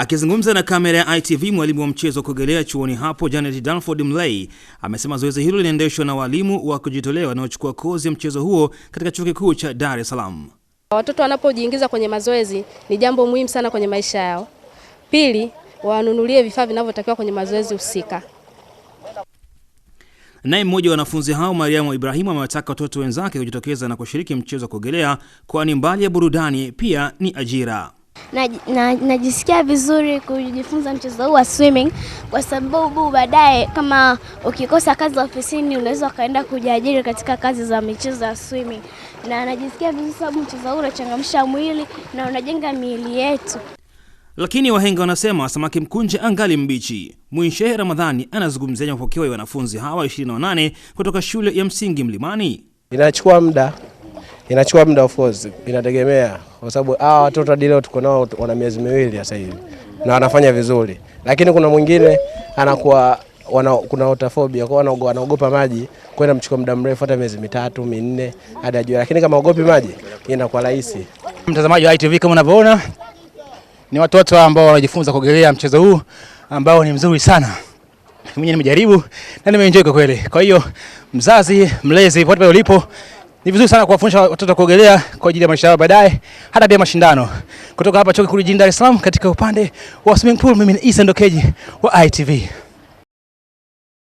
Akizungumza na kamera ya ITV, mwalimu wa mchezo wa kuogelea chuoni hapo Janet Danford Mlay amesema zoezi hilo linaendeshwa na walimu wa kujitolea wanaochukua kozi ya mchezo huo katika chuo kikuu cha Dar es Salaam. Watoto wanapojiingiza kwenye mazoezi ni jambo muhimu sana kwenye maisha yao. Pili, wanunulie vifaa vinavyotakiwa kwenye mazoezi husika. Naye mmoja wa wanafunzi hao Mariamu Ibrahimu amewataka watoto wenzake kujitokeza na kushiriki mchezo wa kuogelea, kwani mbali ya burudani pia ni ajira. Najisikia na, na vizuri kujifunza mchezo huu wa swimming kwa sababu baadaye kama ukikosa kazi za ofisini unaweza ukaenda kujiajiri katika kazi za michezo ya swimming, na najisikia vizuri sababu mchezo huu unachangamsha mwili na unajenga miili yetu. Lakini wahenga wanasema samaki mkunje angali mbichi. Mwinshehe Ramadhani anazungumzia mapokeo ya wanafunzi hawa 28 kutoka shule ya msingi Mlimani. Inachukua muda Inachukua muda of course, inategemea kwa sababu hawa watoto hadi leo tuko nao wana miezi miwili sasa hivi na wanafanya vizuri, lakini kuna mwingine anakuwa wana, kuna otafobia kwa wanaogopa maji, kwenda mchukua muda mrefu hata miezi mitatu minne hadi ajue, lakini kama ogopi maji inakuwa rahisi. Mtazamaji wa ITV, kama unavyoona ni watoto ambao wanajifunza kuogelea mchezo huu ambao ni mzuri sana. Mimi nimejaribu na nimeenjoy kwa kweli. Kwa hiyo mzazi, mlezi, popote ulipo ni vizuri sana kuwafundisha watoto kuogelea kwa ajili ya maisha yao baadaye, hata pia mashindano. Kutoka hapa Chuo Kikuu jijini Dar es Salaam, katika upande wa swimming pool, mimi ni Isa Ndokeji wa ITV.